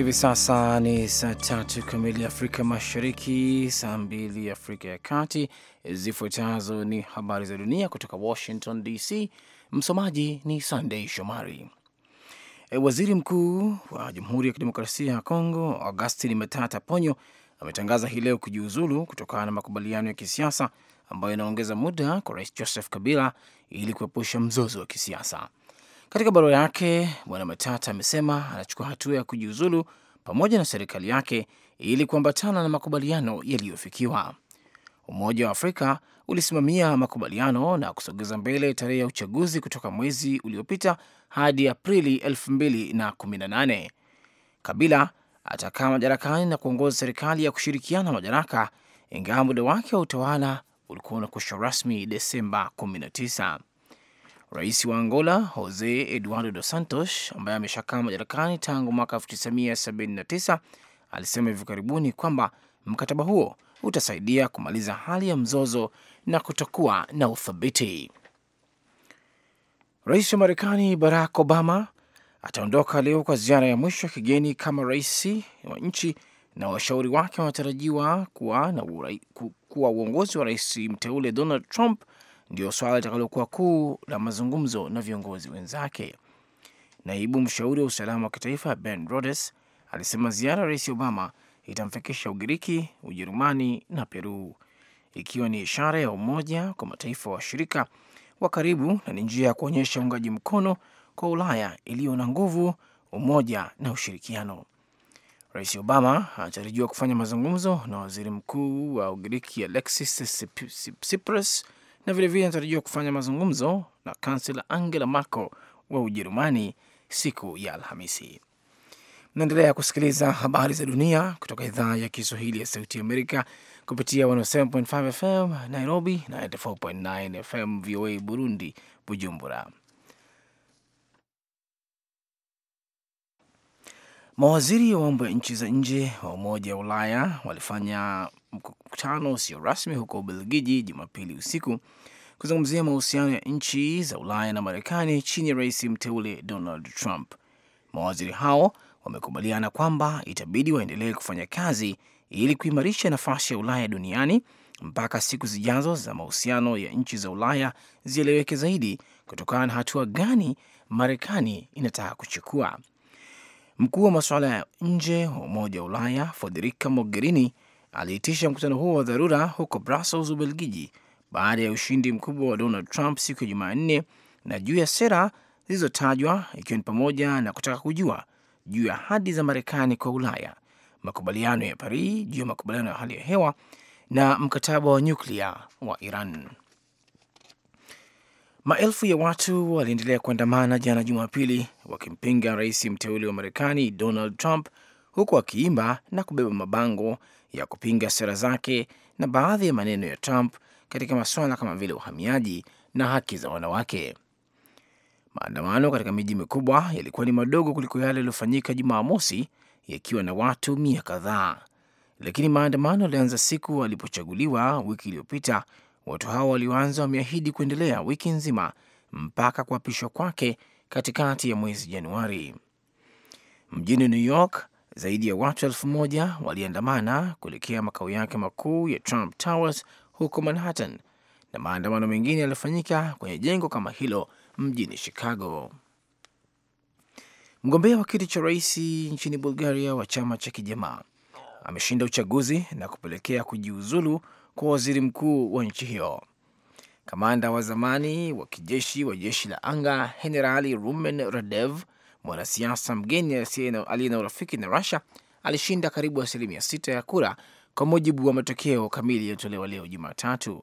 Hivi sasa ni saa tatu kamili Afrika Mashariki, saa mbili Afrika ya Kati. Zifuatazo ni habari za dunia kutoka Washington DC. Msomaji ni Sandei Shomari. E, waziri mkuu wa Jamhuri ya Kidemokrasia ya Kongo Augustin Matata Ponyo ametangaza hii leo kujiuzulu kutokana na makubaliano ya kisiasa ambayo inaongeza muda kwa rais Joseph Kabila ili kuepusha mzozo wa kisiasa. Katika barua yake, Bwana Matata amesema anachukua hatua ya kujiuzulu pamoja na serikali yake ili kuambatana na makubaliano yaliyofikiwa. Umoja wa Afrika ulisimamia makubaliano na kusogeza mbele tarehe ya uchaguzi kutoka mwezi uliopita hadi Aprili 2018. Kabila atakaa madarakani na kuongoza serikali ya kushirikiana madaraka, ingawa muda wake wa utawala ulikuwa unakwisha rasmi Desemba Rais wa Angola Jose Eduardo Dos Santos, ambaye ameshakaa madarakani tangu mwaka 1979 alisema hivi karibuni kwamba mkataba huo utasaidia kumaliza hali ya mzozo na kutokuwa na uthabiti. Rais wa Marekani Barack Obama ataondoka leo kwa ziara ya mwisho ya kigeni kama rais wa nchi, na washauri wake wanatarajiwa kuwa na kuwa uongozi wa rais mteule Donald Trump ndio swala litakalokuwa kuu la mazungumzo na viongozi wenzake. Naibu mshauri wa usalama wa kitaifa Ben Rhodes alisema ziara ya Rais Obama itamfikisha Ugiriki, Ujerumani na Peru, ikiwa ni ishara ya umoja kwa mataifa washirika wa karibu na ni njia ya kuonyesha uungaji mkono kwa Ulaya iliyo na nguvu, umoja na ushirikiano. Rais Obama anatarajiwa kufanya mazungumzo na waziri mkuu wa Ugiriki Alexis Tsipras na vilevile anatarajiwa kufanya mazungumzo na kansela Angela Merkel wa Ujerumani siku ya Alhamisi. Mnaendelea kusikiliza habari za dunia kutoka idhaa ya Kiswahili ya Sauti ya Amerika kupitia 107.5 FM Nairobi na 94.9 FM VOA Burundi, Bujumbura. Mawaziri wa mambo ya nchi za nje wa Umoja wa Ulaya walifanya mkutano usio rasmi huko Ubelgiji Jumapili usiku kuzungumzia mahusiano ya nchi za Ulaya na Marekani chini ya rais mteule Donald Trump. Mawaziri hao wamekubaliana kwamba itabidi waendelee kufanya kazi ili kuimarisha nafasi ya Ulaya duniani mpaka siku zijazo za mahusiano ya nchi za Ulaya zieleweke zaidi kutokana na hatua gani Marekani inataka kuchukua. Mkuu wa masuala ya nje wa Umoja wa Ulaya Federica Mogherini aliitisha mkutano huo wa dharura huko Brussels, Ubelgiji, baada ya ushindi mkubwa wa Donald Trump siku ya Jumanne na juu ya sera zilizotajwa ikiwa ni pamoja na kutaka kujua juu ya ahadi za Marekani kwa Ulaya, makubaliano ya Paris juu ya makubaliano ya hali ya hewa na mkataba wa nyuklia wa Iran. Maelfu ya watu waliendelea kuandamana jana Jumapili wakimpinga rais mteule wa Marekani Donald Trump, huku akiimba na kubeba mabango ya kupinga sera zake na baadhi ya maneno ya Trump katika masuala kama vile uhamiaji na haki za wanawake. Maandamano katika miji mikubwa yalikuwa ni madogo kuliko yale yaliyofanyika Jumamosi, yakiwa na watu mia kadhaa, lakini maandamano yalianza siku alipochaguliwa wiki iliyopita. Watu hao walioanza wameahidi kuendelea wiki nzima mpaka kuapishwa kwake katikati ya mwezi Januari. Mjini New York, zaidi ya watu elfu moja waliandamana kuelekea makao yake makuu ya Trump Towers huko Manhattan, na maandamano mengine yalifanyika kwenye jengo kama hilo mjini Chicago. Mgombea wa kiti cha rais nchini Bulgaria wa chama cha Kijamaa ameshinda uchaguzi na kupelekea kujiuzulu kwa waziri mkuu wa nchi hiyo. Kamanda wa zamani wa kijeshi wa jeshi la anga Henerali Rumen Radev Mwanasiasa mgeni aliye na urafiki na Rusia alishinda karibu asilimia sita ya kura, kwa mujibu wa matokeo kamili yaliyotolewa leo Jumatatu.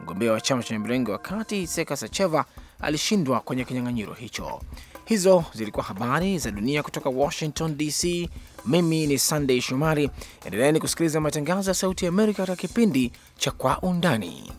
Mgombea wa chama cha mrengo wa kati Seka Sacheva alishindwa kwenye kinyang'anyiro hicho. Hizo zilikuwa habari za dunia kutoka Washington DC. Mimi ni Sunday Shomari. Endeleni kusikiliza matangazo ya Sauti ya Amerika katika kipindi cha Kwa Undani.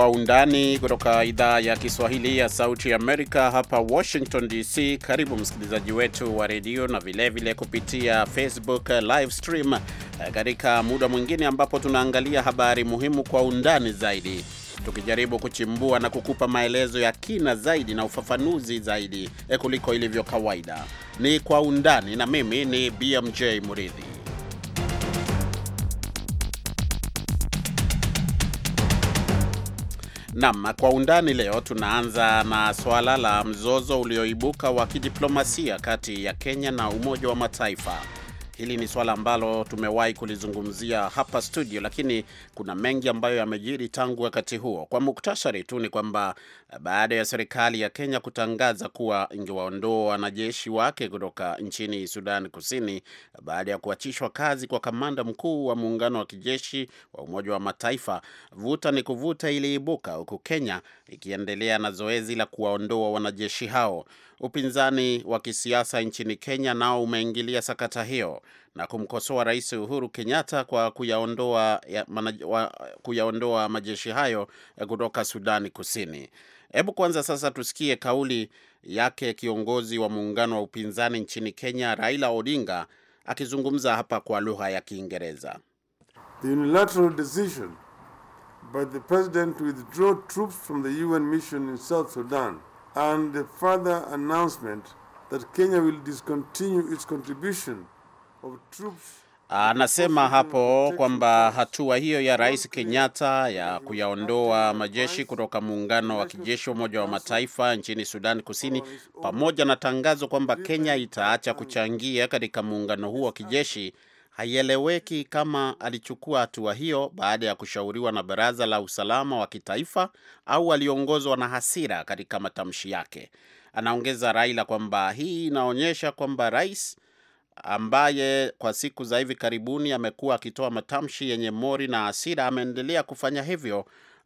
Kwa Undani kutoka idhaa ya Kiswahili ya Sauti Amerika hapa Washington DC. Karibu msikilizaji wetu wa redio na vilevile vile kupitia Facebook live stream eh, katika muda mwingine ambapo tunaangalia habari muhimu kwa undani zaidi tukijaribu kuchimbua na kukupa maelezo ya kina zaidi na ufafanuzi zaidi eh, kuliko ilivyo kawaida. Ni Kwa Undani na mimi ni BMJ Muridhi. Naam, kwa undani leo tunaanza na swala la mzozo ulioibuka wa kidiplomasia kati ya Kenya na Umoja wa Mataifa. Hili ni swala ambalo tumewahi kulizungumzia hapa studio, lakini kuna mengi ambayo yamejiri tangu wakati huo. Kwa muktasari tu ni kwamba eh, baada ya serikali ya Kenya kutangaza kuwa ingewaondoa wanajeshi wake kutoka nchini Sudan Kusini baada ya kuachishwa kazi kwa kamanda mkuu wa muungano wa kijeshi wa Umoja wa Mataifa, vuta ni kuvuta iliibuka, huku Kenya ikiendelea na zoezi la kuwaondoa wanajeshi hao. Upinzani wa kisiasa nchini Kenya nao umeingilia sakata hiyo na kumkosoa Rais Uhuru Kenyatta kwa kuyaondoa, ya, manaj, wa, kuyaondoa majeshi hayo kutoka Sudani Kusini. Hebu kwanza sasa tusikie kauli yake kiongozi wa muungano wa upinzani nchini Kenya Raila Odinga akizungumza hapa kwa lugha ya Kiingereza. The unilateral decision by the president to withdraw troops from the UN mission in South Sudan and the further announcement that Kenya will discontinue its contribution of troops ah, Anasema hapo kwamba hatua hiyo ya Rais Kenyatta ya kuyaondoa majeshi kutoka muungano wa kijeshi wa Umoja wa Mataifa nchini Sudan Kusini, pamoja na tangazo kwamba Kenya itaacha kuchangia katika muungano huo wa kijeshi haieleweki kama alichukua hatua hiyo baada ya kushauriwa na Baraza la Usalama wa Kitaifa au aliongozwa na hasira katika matamshi yake. Anaongeza Raila kwamba hii inaonyesha kwamba rais ambaye kwa siku za hivi karibuni amekuwa akitoa matamshi yenye mori na hasira ameendelea kufanya hivyo,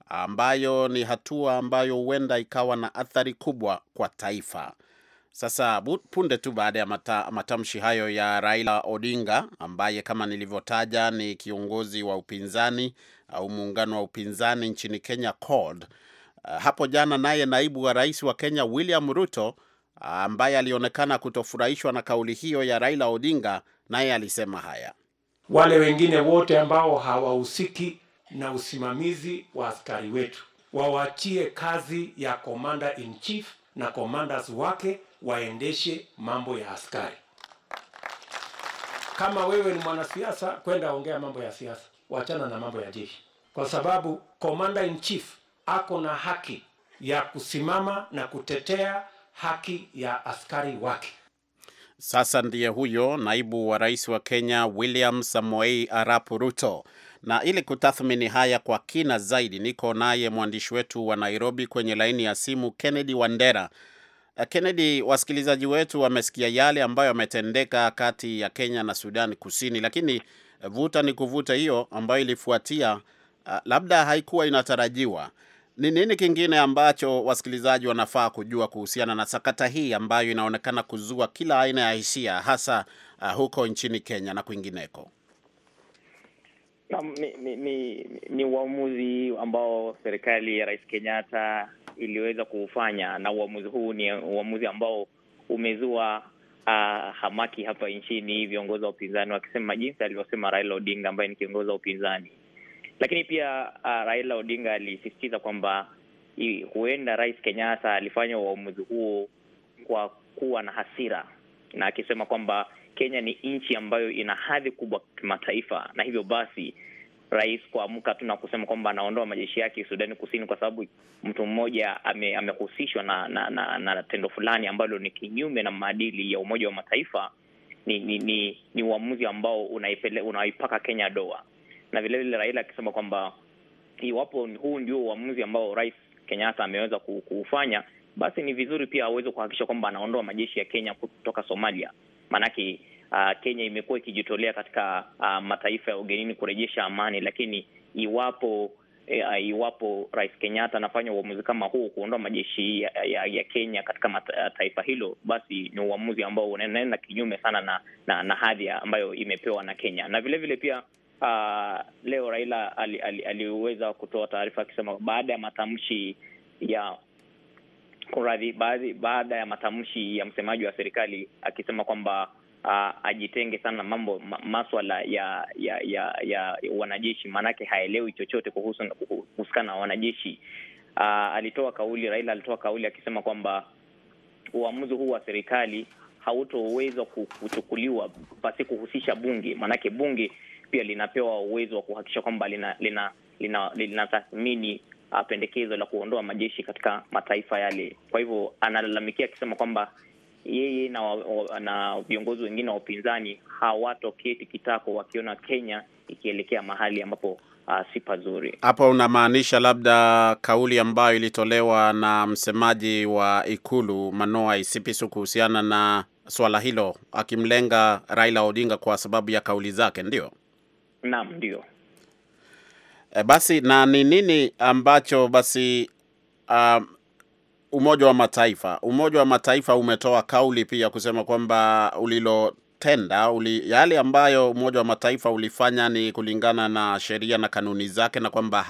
ambayo ni hatua ambayo huenda ikawa na athari kubwa kwa taifa. Sasa punde tu baada ya mata, matamshi hayo ya Raila Odinga ambaye kama nilivyotaja ni kiongozi wa upinzani au muungano wa upinzani nchini Kenya CORD. Eh, hapo jana naye naibu wa rais wa Kenya William Ruto ambaye alionekana kutofurahishwa na kauli hiyo ya Raila Odinga naye alisema haya: wale wengine wote ambao hawahusiki na usimamizi wa askari wetu wawachie kazi ya commander in chief na commanders wake waendeshe mambo ya askari. Kama wewe ni mwanasiasa, kwenda ongea mambo ya siasa, wachana na mambo ya jeshi, kwa sababu commander in chief ako na haki ya kusimama na kutetea haki ya askari wake. Sasa ndiye huyo naibu wa rais wa Kenya William Samoei Arap Ruto. Na ili kutathmini haya kwa kina zaidi, niko naye mwandishi wetu wa Nairobi kwenye laini ya simu Kennedy Wandera Eh, Kennedy, wasikilizaji wetu wamesikia yale ambayo yametendeka kati ya Kenya na Sudan Kusini, lakini eh, vuta ni kuvuta hiyo ambayo ilifuatia eh, labda haikuwa inatarajiwa. Ni nini kingine ambacho wasikilizaji wanafaa kujua kuhusiana na sakata hii ambayo inaonekana kuzua kila aina ya hisia hasa uh, huko nchini Kenya na kwingineko? Ni, ni, ni, ni uamuzi ambao serikali ya Rais Kenyatta iliweza kuufanya, na uamuzi huu ni uamuzi ambao umezua uh, hamaki hapa nchini, viongozi wa upinzani wakisema jinsi alivyosema Raila Odinga ambaye ni kiongozi wa upinzani. Lakini pia uh, Raila Odinga alisisitiza kwamba huenda Rais Kenyatta alifanya uamuzi huo kwa kuwa na hasira, na akisema kwamba Kenya ni nchi ambayo ina hadhi kubwa kimataifa na hivyo basi rais kuamka tu na kusema kwamba anaondoa majeshi yake Sudani Kusini kwa sababu mtu mmoja amehusishwa ame na, na, na, na tendo fulani ambalo ni kinyume na maadili ya Umoja wa Mataifa ni ni, ni, ni uamuzi ambao unaipele, unaipaka Kenya doa, na vilevile Raila akisema kwamba iwapo huu ndio uamuzi ambao rais Kenyatta ameweza kuufanya, basi ni vizuri pia aweze kuhakikisha kwamba anaondoa majeshi ya Kenya kutoka Somalia maanake uh, Kenya imekuwa ikijitolea katika uh, mataifa ya ugenini kurejesha amani, lakini iwapo uh, iwapo Rais Kenyatta anafanya uamuzi kama huu kuondoa majeshi ya, ya, ya Kenya katika mata, ah, taifa hilo, basi ni uamuzi ambao unaenda kinyume sana na, na, na hadhi ambayo imepewa na Kenya na vilevile vile pia Uh, leo Raila aliweza ali, ali kutoa taarifa akisema baada ya matamshi ya kuradhi baada ya matamshi ya msemaji wa serikali akisema kwamba uh, ajitenge sana mambo maswala ya ya ya, ya wanajeshi, maanake haelewi chochote kuhusu kuhusikana na wanajeshi. Uh, alitoa kauli, Raila alitoa kauli akisema kwamba uamuzi huu wa serikali hautoweza kuchukuliwa pasi kuhusisha bunge, maanake bunge pia linapewa uwezo wa kuhakikisha kwamba lina lina lina, lina uh, pendekezo la kuondoa majeshi katika mataifa yale. Kwa hivyo analalamikia akisema kwamba yeye na, na viongozi wengine wa upinzani hawatoketi kitako wakiona Kenya ikielekea mahali ambapo Uh, si pazuri. Hapo unamaanisha labda kauli ambayo ilitolewa na msemaji wa Ikulu Manoa Isipisu kuhusiana na swala hilo akimlenga Raila Odinga kwa sababu ya kauli zake, ndio? Naam, ndio. E, basi na ni nini ambacho basi um, Umoja wa Mataifa. Umoja wa Mataifa umetoa kauli pia kusema kwamba ulilo tenda uli, yale ambayo Umoja wa Mataifa ulifanya ni kulingana na sheria na kanuni zake na kwamba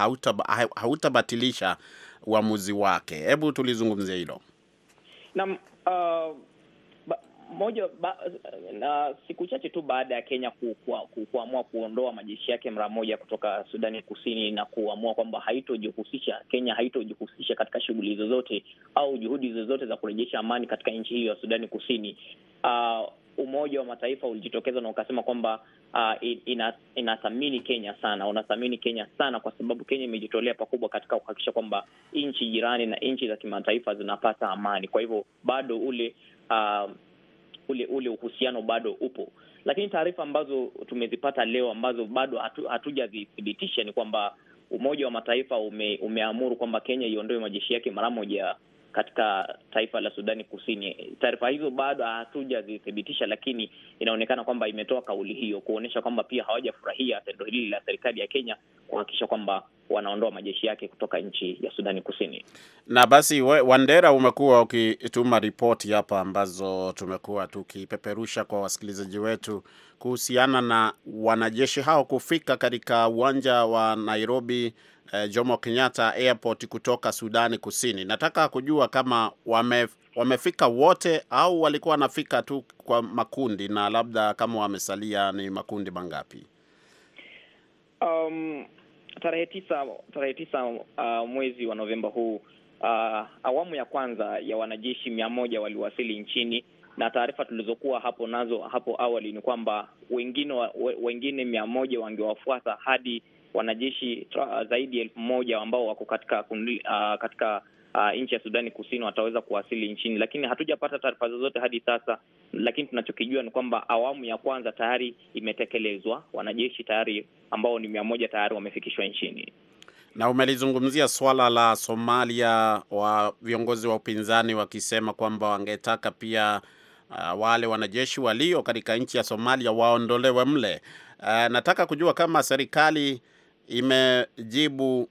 hautabatilisha hauta uamuzi wake. Hebu tulizungumzia hilo. Naam, uh, moja ba, na siku chache tu baada ya Kenya kuamua kuondoa majeshi yake mara moja kutoka Sudani Kusini na kuamua kwamba haitojihusisha Kenya haitojihusisha katika shughuli zozote au juhudi zozote za kurejesha amani katika nchi hiyo ya Sudani Kusini. Uh, Umoja wa Mataifa ulijitokeza na ukasema kwamba uh, ina, inathamini Kenya sana, unathamini Kenya sana kwa sababu Kenya imejitolea pakubwa katika kuhakikisha kwamba nchi jirani na nchi za kimataifa zinapata amani. Kwa hivyo bado ule uh, ule ule uhusiano bado upo, lakini taarifa ambazo tumezipata leo ambazo bado hatu, hatujazithibitisha ni kwamba Umoja wa Mataifa ume, umeamuru kwamba Kenya iondoe majeshi yake mara moja katika taifa la Sudani Kusini. Taarifa hizo bado hatujazithibitisha, lakini inaonekana kwamba imetoa kauli hiyo kuonyesha kwamba pia hawajafurahia tendo hili la serikali ya Kenya kuhakikisha kwamba wanaondoa majeshi yake kutoka nchi ya Sudani Kusini. Na basi we, Wandera, umekuwa ukituma ripoti hapa ambazo tumekuwa tukipeperusha kwa wasikilizaji wetu kuhusiana na wanajeshi hao kufika katika uwanja wa Nairobi eh, Jomo Kenyatta Airport kutoka Sudani Kusini. Nataka kujua kama wame, wamefika wote au walikuwa wanafika tu kwa makundi, na labda kama wamesalia ni makundi mangapi? um tarehe tisa tarehe tisa uh, mwezi wa Novemba huu uh, awamu ya kwanza ya wanajeshi mia moja waliwasili nchini, na taarifa tulizokuwa hapo nazo hapo awali ni kwamba wengine wengine mia moja wangewafuata hadi wanajeshi tra, zaidi ya elfu moja ambao wako katika uh, katika uh, nchi ya Sudani Kusini wataweza kuwasili nchini, lakini hatujapata taarifa zozote hadi sasa. Lakini tunachokijua ni kwamba awamu ya kwanza tayari imetekelezwa, wanajeshi tayari ambao ni mia moja tayari wamefikishwa nchini. Na umelizungumzia swala la Somalia, wa viongozi wa upinzani wakisema kwamba wangetaka pia Uh, wale wanajeshi walio katika nchi ya Somalia waondolewe mle. Uh, nataka kujua kama serikali imejibu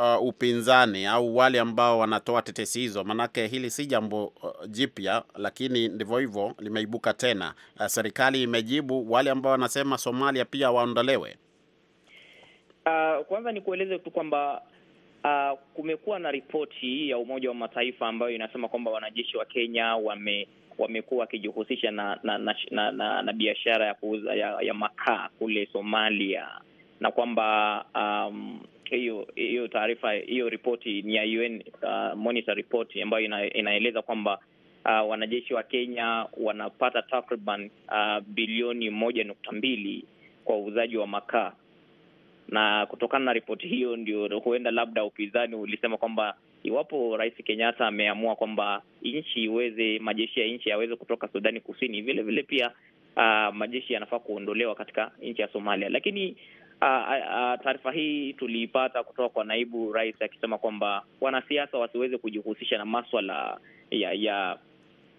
uh, upinzani au wale ambao wanatoa tetesi hizo, manake hili si jambo uh, jipya, lakini ndivyo hivyo limeibuka tena. Uh, serikali imejibu wale ambao wanasema Somalia pia waondolewe. Uh, kwanza ni kueleze tu kwamba uh, kumekuwa na ripoti ya Umoja wa Mataifa ambayo inasema kwamba wanajeshi wa Kenya wame wamekuwa wakijihusisha na na, na, na, na, na biashara ya kuuza ya, ya makaa kule Somalia na kwamba um, yake hiyo hiyo taarifa hiyo ripoti ni ya UN uh, monitor report ambayo ina, inaeleza kwamba uh, wanajeshi wa Kenya wanapata takriban uh, bilioni moja nukta mbili kwa uuzaji wa makaa, na kutokana na ripoti hiyo ndio huenda labda upinzani ulisema kwamba iwapo Rais Kenyatta ameamua kwamba nchi iweze majeshi ya nchi yaweze kutoka Sudani Kusini, vile vile pia uh, majeshi yanafaa kuondolewa katika nchi ya Somalia, lakini Ah, ah, ah, taarifa hii tuliipata kutoka kwa naibu rais akisema kwamba wanasiasa wasiweze kujihusisha na maswala ya ya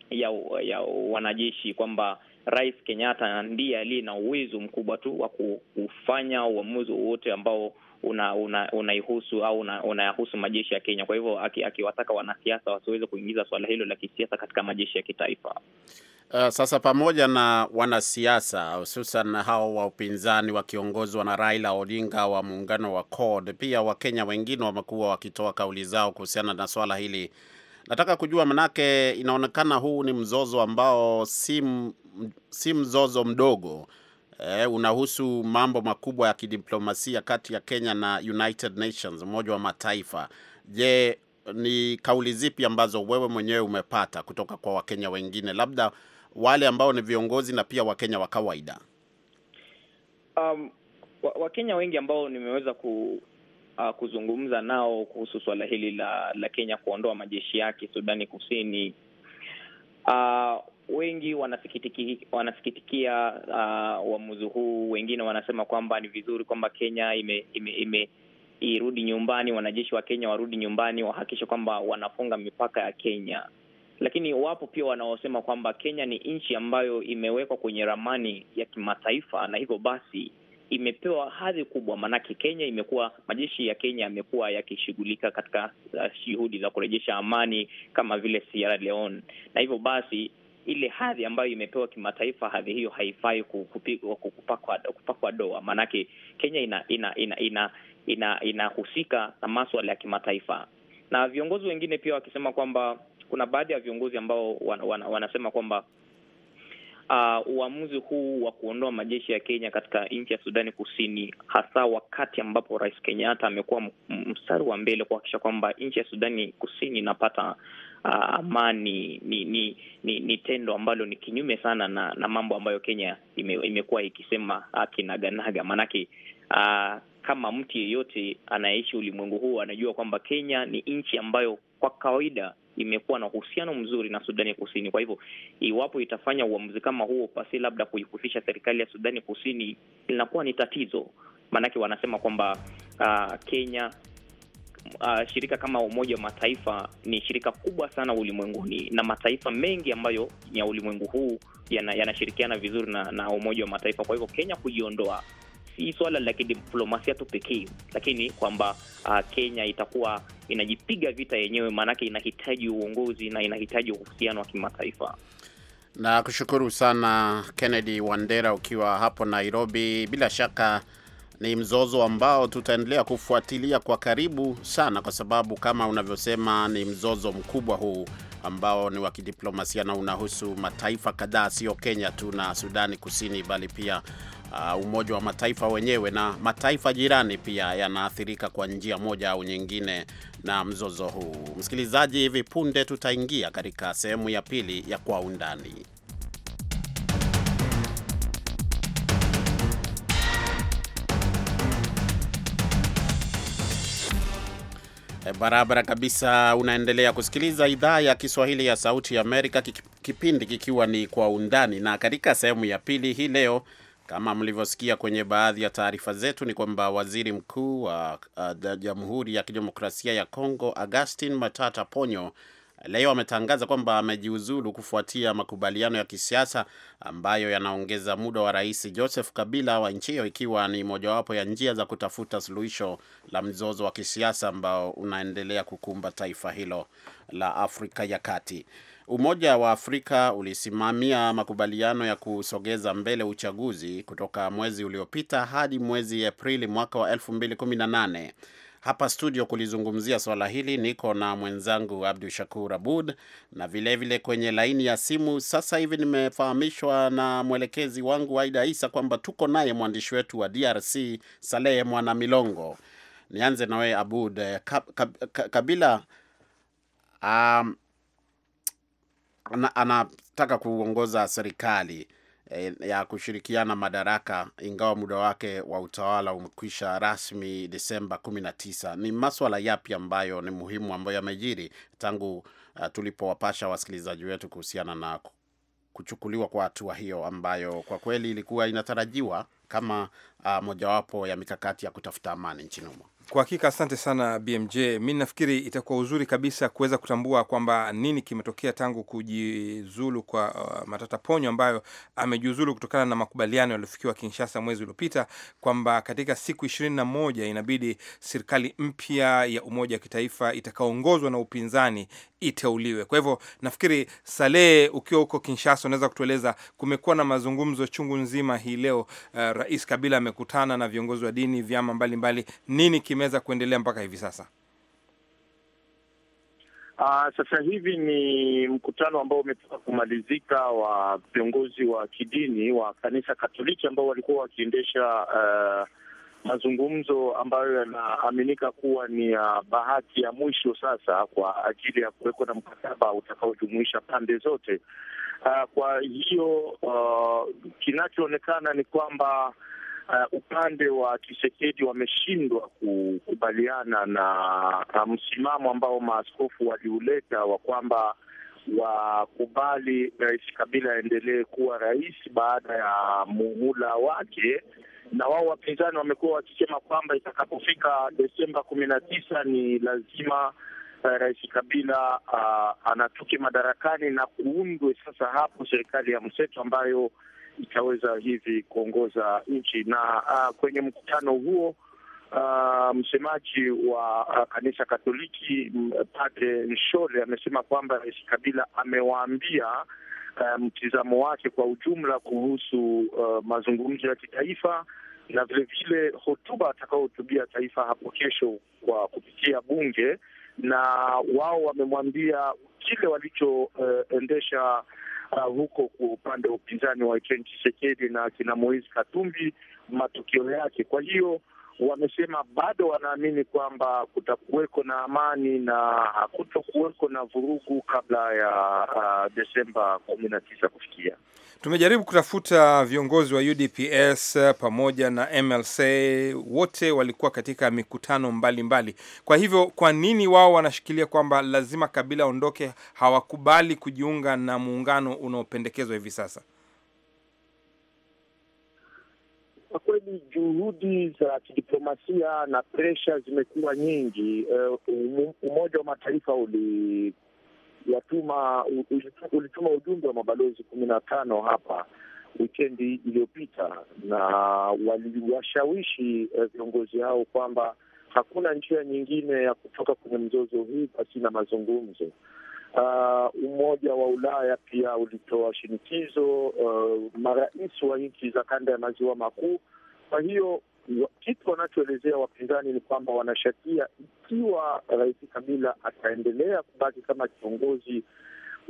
ya, ya wanajeshi, kwamba Rais Kenyatta ndiye aliye na uwezo mkubwa tu wa kufanya uamuzi wowote ambao unaihusu una, una au una, unayahusu majeshi ya Kenya. Kwa hivyo akiwataka aki wanasiasa wasiweze kuingiza suala hilo la kisiasa katika majeshi ya kitaifa. Uh, sasa pamoja na wanasiasa hususan hao wa upinzani wakiongozwa na Raila Odinga wa muungano wa CORD, pia Wakenya wengine wamekuwa wakitoa kauli zao kuhusiana na swala hili. Nataka kujua manake, inaonekana huu ni mzozo ambao si si mzozo mdogo eh, unahusu mambo makubwa ya kidiplomasia kati ya Kenya na United Nations, Umoja wa Mataifa. Je, ni kauli zipi ambazo wewe mwenyewe umepata kutoka kwa Wakenya wengine, labda wale ambao ni viongozi na pia Wakenya wa kawaida? Um, Wakenya wa wengi ambao nimeweza ku, uh, kuzungumza nao kuhusu suala hili la la Kenya kuondoa majeshi yake Sudani Kusini, uh, wengi wanasikitiki, wanasikitikia uh, uamuzi huu. Wengine wanasema kwamba ni vizuri kwamba Kenya ime, ime, ime irudi nyumbani, wanajeshi wa Kenya warudi nyumbani, wahakikishe kwamba wanafunga mipaka ya Kenya. Lakini wapo pia wanaosema kwamba Kenya ni nchi ambayo imewekwa kwenye ramani ya kimataifa na hivyo basi imepewa hadhi kubwa, maanake Kenya imekuwa, majeshi ya Kenya yamekuwa yakishughulika katika uh, juhudi za kurejesha amani kama vile Sierra Leone, na hivyo basi ile hadhi ambayo imepewa kimataifa, hadhi hiyo haifai kupakwa kupakwa doa, maanake Kenya ina ina ina ina inahusika na maswala ya kimataifa, na viongozi wengine pia wakisema kwamba kuna baadhi ya viongozi ambao wan, wan, wanasema kwamba Uh, uamuzi huu wa kuondoa majeshi ya Kenya katika nchi ya Sudani Kusini, hasa wakati ambapo Rais Kenyatta amekuwa mstari wa mbele kuhakikisha kwamba nchi ya Sudani Kusini inapata uh, ah, amani ni ni, ni ni tendo ambalo ni kinyume sana na, na mambo ambayo Kenya ime, imekuwa ikisema akinaganaga maanake uh, ah, kama mtu yeyote anayeishi ulimwengu huu anajua kwamba Kenya ni nchi ambayo kwa kawaida imekuwa na uhusiano mzuri na Sudani Kusini. Kwa hivyo, iwapo itafanya uamuzi kama huo pasi labda kuihusisha serikali ya Sudani Kusini, linakuwa ni tatizo, maanake wanasema kwamba uh, Kenya uh, shirika kama Umoja wa Mataifa ni shirika kubwa sana ulimwenguni, na mataifa mengi ambayo ya ulimwengu huu yanashirikiana yana vizuri na, na Umoja wa Mataifa. Kwa hivyo Kenya kujiondoa si swala la kidiplomasia tu pekee, lakini kwamba uh, Kenya itakuwa inajipiga vita yenyewe, maanake inahitaji uongozi na inahitaji uhusiano wa kimataifa. Na kushukuru sana Kennedy Wandera ukiwa hapo Nairobi, bila shaka ni mzozo ambao tutaendelea kufuatilia kwa karibu sana, kwa sababu kama unavyosema, ni mzozo mkubwa huu ambao ni wa kidiplomasia na unahusu mataifa kadhaa, sio Kenya tu na Sudani Kusini, bali pia uh, Umoja wa Mataifa wenyewe na mataifa jirani pia yanaathirika kwa njia moja au nyingine na mzozo huu. Msikilizaji, hivi punde tutaingia katika sehemu ya pili ya Kwa Undani. Eh, barabara kabisa. Unaendelea kusikiliza idhaa ya Kiswahili ya Sauti ya Amerika, kipindi kikiwa ni Kwa Undani, na katika sehemu ya pili hii leo, kama mlivyosikia kwenye baadhi ya taarifa zetu, ni kwamba waziri mkuu wa eh, Jamhuri ya Kidemokrasia ya Kongo Augustin Matata Ponyo leo ametangaza kwamba amejiuzulu kufuatia makubaliano ya kisiasa ambayo yanaongeza muda wa Rais Joseph Kabila wa nchi hiyo, ikiwa ni mojawapo ya njia za kutafuta suluhisho la mzozo wa kisiasa ambao unaendelea kukumba taifa hilo la Afrika ya Kati. Umoja wa Afrika ulisimamia makubaliano ya kusogeza mbele uchaguzi kutoka mwezi uliopita hadi mwezi Aprili mwaka wa 2018. Hapa studio kulizungumzia swala hili niko na mwenzangu Abdu Shakur Abud na vilevile vile kwenye laini ya simu sasa hivi nimefahamishwa na mwelekezi wangu Aida Isa kwamba tuko naye mwandishi wetu wa DRC Salehe Mwana Milongo. Nianze na Abud. Eh, kab, kab, kabila um, anataka ana kuongoza serikali e, ya kushirikiana madaraka, ingawa muda wake wa utawala umekwisha rasmi Desemba 19. Ni maswala yapi ambayo ni muhimu ambayo yamejiri tangu uh, tulipowapasha wasikilizaji wetu kuhusiana na kuchukuliwa kwa hatua hiyo ambayo kwa kweli ilikuwa inatarajiwa kama uh, mojawapo ya mikakati ya kutafuta amani nchini humo. Kwa hakika asante sana BMJ. Mi nafikiri itakuwa uzuri kabisa kuweza kutambua kwamba nini kimetokea tangu kujiuzulu kwa uh, Matata Ponyo ambayo amejiuzulu kutokana na makubaliano yaliyofikiwa Kinshasa mwezi uliopita, kwamba katika siku ishirini na moja inabidi serikali mpya ya umoja wa kitaifa itakaongozwa na upinzani iteuliwe. Kwa hivyo nafikiri, Salehe, ukiwa huko Kinshasa, unaweza kutueleza kumekuwa na mazungumzo chungu nzima hii leo uh, Rais Kabila amekutana na viongozi wa dini, vyama mbalimbali mbali. Nini kimeweza kuendelea mpaka hivi sasa? Uh, sasa hivi ni mkutano ambao umetoka kumalizika wa viongozi wa kidini wa kanisa Katoliki ambao walikuwa wakiendesha uh, mazungumzo ambayo yanaaminika kuwa ni ya bahati ya mwisho sasa kwa ajili ya kuwekwa na mkataba utakaojumuisha pande zote. Uh, kwa hiyo uh, kinachoonekana ni kwamba Uh, upande wa Tshisekedi wameshindwa kukubaliana na, msimamo ambao maaskofu waliuleta wa kwamba wakubali Rais Kabila aendelee kuwa rais baada ya muhula wake, na wao wapinzani wamekuwa wakisema kwamba itakapofika Desemba kumi na tisa ni lazima uh, Rais Kabila uh, anatuke madarakani na kuundwe sasa hapo serikali ya mseto ambayo itaweza hivi kuongoza nchi. Na uh, kwenye mkutano huo uh, msemaji wa uh, kanisa Katoliki Padre Nshole amesema kwamba Rais Kabila amewaambia eh, mtizamo wake kwa ujumla kuhusu uh, mazungumzo ya kitaifa na vilevile hotuba atakaohutubia taifa hapo kesho kwa kupitia bunge, na wao wamemwambia kile walichoendesha eh, uh, uh, huko kwa upande wa upinzani wa Etienne Tshisekedi na kina Moise Katumbi matukio yake. Kwa hiyo wamesema bado wanaamini kwamba kutakuweko na amani na hakutokuweko na vurugu kabla ya uh, Desemba kumi na tisa kufikia. Tumejaribu kutafuta viongozi wa UDPS uh, pamoja na MLC, wote walikuwa katika mikutano mbalimbali mbali. Kwa hivyo kwa nini wao wanashikilia kwamba lazima Kabila aondoke, hawakubali kujiunga na muungano unaopendekezwa hivi sasa? Kwa kweli juhudi za kidiplomasia na presha zimekuwa nyingi. Uh, Umoja wa Mataifa ulituma ulituma ujumbe wa mabalozi kumi na tano hapa wikendi iliyopita, na waliwashawishi eh, viongozi hao kwamba hakuna njia nyingine ya kutoka kwenye mzozo huu basi na mazungumzo. Uh, Umoja wa Ulaya pia ulitoa shinikizo uh, marais wa nchi za kanda ya maziwa makuu. Kwa hiyo kitu wanachoelezea wapinzani ni kwamba wanashakia ikiwa rais Kabila ataendelea kubaki kama kiongozi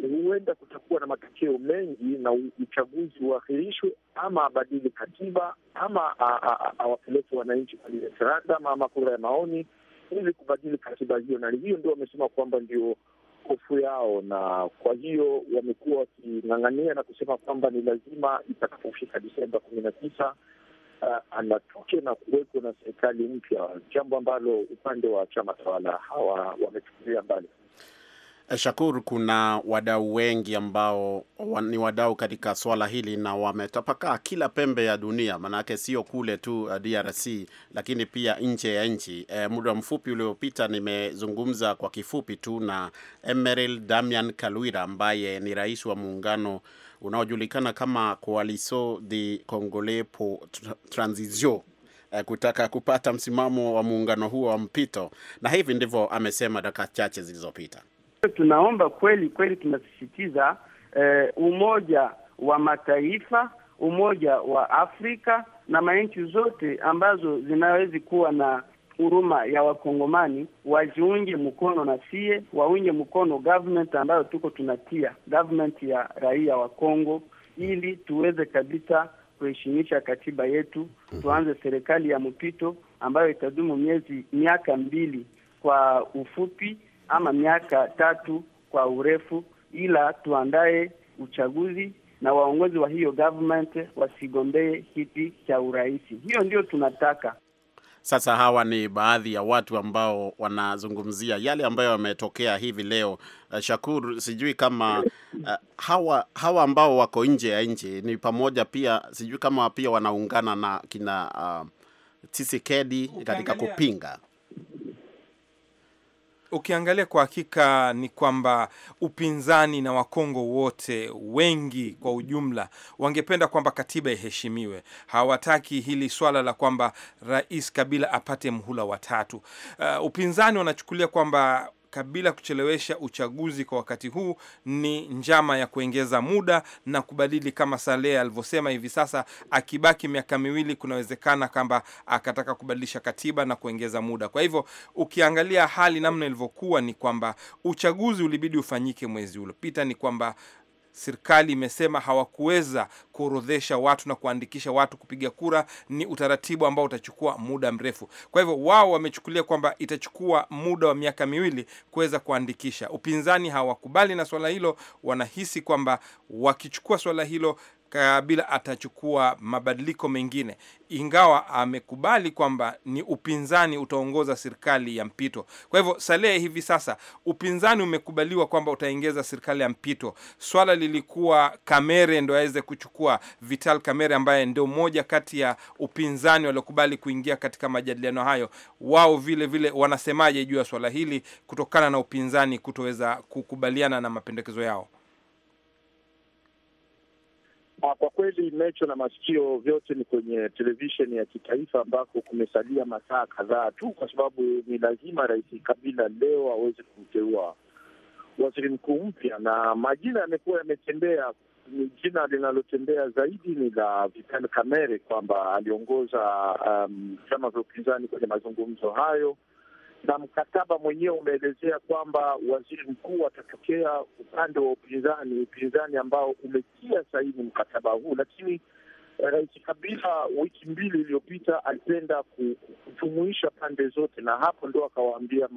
huenda kutakuwa na matokeo mengi na uchaguzi uahirishwe, ama abadili katiba, ama awapeleke wananchi kwenye referendum ama kura ya maoni ili kubadili katiba hiyo, na hiyo ndio wamesema kwamba ndio hofu yao, na kwa hiyo wamekuwa waking'ang'ania na kusema kwamba ni lazima itakapofika Disemba kumi na tisa uh, anatoke na kuwekwa na serikali mpya, jambo ambalo upande wa chama tawala hawa wamechukulia mbali. Eh, shakur kuna wadau wengi ambao ni wadau katika swala hili na wametapakaa kila pembe ya dunia, manake sio kule tu eh, DRC, lakini pia nje ya nchi. E, muda mfupi uliopita nimezungumza kwa kifupi tu na Emeril Damian Kalwira ambaye ni rais wa muungano unaojulikana kama Coalition de Congolais pour Transition kutaka kupata msimamo wa muungano huo wa mpito, na hivi ndivyo amesema dakika chache zilizopita. Tunaomba kweli kweli, tunasisitiza eh, Umoja wa Mataifa, Umoja wa Afrika na manchi zote ambazo zinawezi kuwa na huruma ya Wakongomani wajiunge mkono na sie, waunge mkono government ambayo tuko tunatia, government ya raia wa Kongo, ili tuweze kabisa kuheshimisha katiba yetu, mhm. tuanze serikali ya mpito ambayo itadumu miezi miaka mbili kwa ufupi ama miaka tatu kwa urefu, ila tuandae uchaguzi na waongozi wa hiyo government wasigombee kiti cha urais. Hiyo ndio tunataka. Sasa hawa ni baadhi ya watu ambao wanazungumzia yale ambayo yametokea hivi leo. Uh, Shakur, sijui kama uh, hawa hawa ambao wako nje ya nchi ni pamoja pia, sijui kama pia wanaungana na kina uh, Tshisekedi katika kupinga ukiangalia kwa hakika ni kwamba upinzani na Wakongo wote wengi kwa ujumla wangependa kwamba katiba iheshimiwe. Hawataki hili swala la kwamba Rais Kabila apate mhula watatu. Uh, upinzani wanachukulia kwamba Kabila kuchelewesha uchaguzi kwa wakati huu ni njama ya kuongeza muda na kubadili, kama Saleh alivyosema. Hivi sasa akibaki miaka miwili, kunawezekana kwamba akataka kubadilisha katiba na kuongeza muda. Kwa hivyo ukiangalia hali namna ilivyokuwa, ni kwamba uchaguzi ulibidi ufanyike mwezi uliopita, ni kwamba serikali imesema hawakuweza kuorodhesha watu na kuandikisha watu kupiga kura. Ni utaratibu ambao utachukua muda mrefu. Kwa hivyo wao wamechukulia kwamba itachukua muda wa miaka miwili kuweza kuandikisha. Upinzani hawakubali na swala hilo, wanahisi kwamba wakichukua swala hilo Kabila eh, atachukua mabadiliko mengine, ingawa amekubali kwamba ni upinzani utaongoza serikali ya mpito. Kwa hivyo Salehe, hivi sasa upinzani umekubaliwa kwamba utaingeza serikali ya mpito. Swala lilikuwa Kamere ndo aweze kuchukua, Vital Kamere ambaye ndio mmoja kati ya upinzani waliokubali kuingia katika majadiliano hayo. Wao vile vile wanasemaje juu ya swala hili, kutokana na upinzani kutoweza kukubaliana na mapendekezo yao? Ah, kwa kweli mecho na masikio vyote ni kwenye televisheni ya kitaifa, ambako kumesalia masaa kadhaa tu, kwa sababu ni lazima Rais Kabila leo aweze kumteua waziri mkuu mpya, na majina yamekuwa yametembea. Jina linalotembea zaidi ni la Vital Kamerhe kwamba aliongoza vyama um, vya upinzani kwenye mazungumzo hayo na mkataba mwenyewe umeelezea kwamba waziri mkuu atatokea upande wa upinzani, upinzani ambao umetia saini mkataba huu. Lakini eh, Rais Kabila wiki mbili iliyopita alipenda kujumuisha pande zote, na hapo ndo akawaambia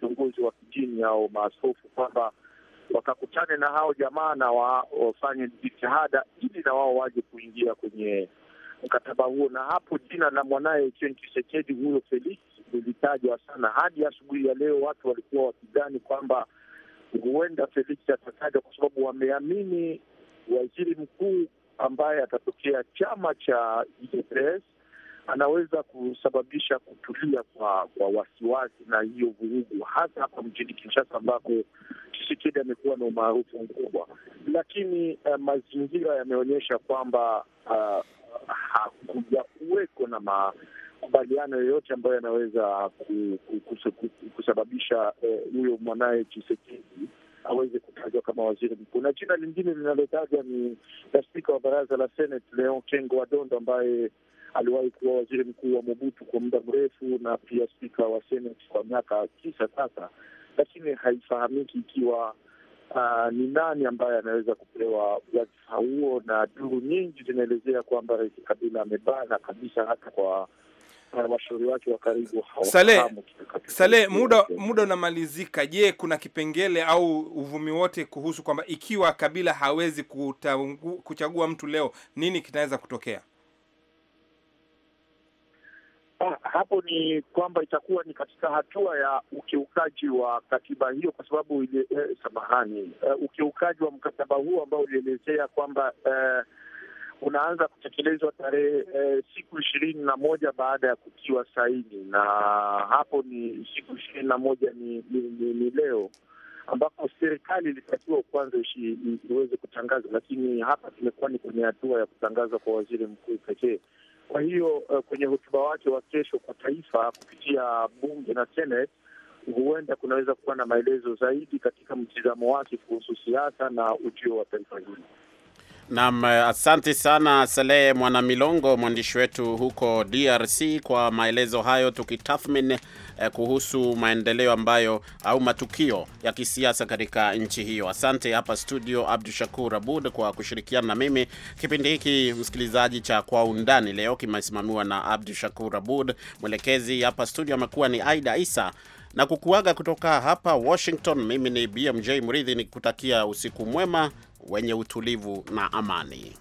viongozi wa kijini au maaskofu kwamba wakakutane na hao jamaa na wafanye jitihada ili na wao waje kuingia kwenye mkataba huo, na hapo jina la mwanaye chen chisekedi huyo Felix vilitajwa sana. Hadi asubuhi ya leo watu walikuwa wakidhani kwamba huenda Felix atatajwa kwa sababu wameamini waziri mkuu ambaye atatokea chama cha UDPS e anaweza kusababisha kutulia kwa kwa wasiwasi na hiyo vurugu, hasa hapa mjini Kinshasa ambako Tshisekedi amekuwa na umaarufu mkubwa. Lakini uh, mazingira yameonyesha kwamba uh, hakuja kuweko na ma makubaliano yoyote ambayo yanaweza kusababisha eh, huyo eh, mwanaye Chisekedi aweze kutajwa kama waziri mkuu. Na jina lingine linalotajwa ni la spika wa baraza la Senate Leon Kengo Wadondo ambaye aliwahi kuwa waziri mkuu wa Mobutu kwa muda mrefu na pia spika wa Senate kwa miaka tisa sasa, lakini haifahamiki ikiwa Uh, ni nani ambaye anaweza kupewa wadhifa huo, na duru nyingi zinaelezea kwamba Rais Kabila amebana kabisa hata kwa washauri wake wa karibu. Saleh, muda muda unamalizika. Je, kuna kipengele au uvumi wote kuhusu kwamba ikiwa Kabila hawezi kutangu, kuchagua mtu leo, nini kinaweza kutokea? Ha, ah, hapo ni kwamba itakuwa ni katika hatua ya ukiukaji wa katiba hiyo, kwa sababu ile, eh, samahani, uh, ukiukaji wa mkataba huo ambao ulielezea kwamba eh, unaanza kutekelezwa tarehe e, siku ishirini na moja baada ya kutiwa saini, na hapo ni siku ishirini na moja ni, ni, ni, ni leo ambapo serikali ilitakiwa kwanza iweze kutangaza, lakini hapa tumekuwa ni kwenye hatua ya kutangaza kwa waziri mkuu pekee. Kwa hiyo uh, kwenye hotuba wake wa kesho kwa taifa kupitia bunge na seneti, huenda kunaweza kuwa na maelezo zaidi katika mtizamo wake kuhusu siasa na ujio wa taifa hili. Naam, asante sana Salehe milongo mwandishi wetu huko DRC, kwa maelezo hayo, tukitathmini eh, kuhusu maendeleo ambayo au matukio ya kisiasa katika nchi hiyo. Asante hapa studio, Abdu Shakur Abud kwa kushirikiana na mimi. Kipindi hiki msikilizaji cha Kwa Undani leo kimesimamiwa na Abdu Shakur Abud, mwelekezi hapa studio amekuwa ni Aida Isa na kukuaga kutoka hapa Washington. Mimi ni BMJ Mridhi nikutakia usiku mwema wenye utulivu na amani.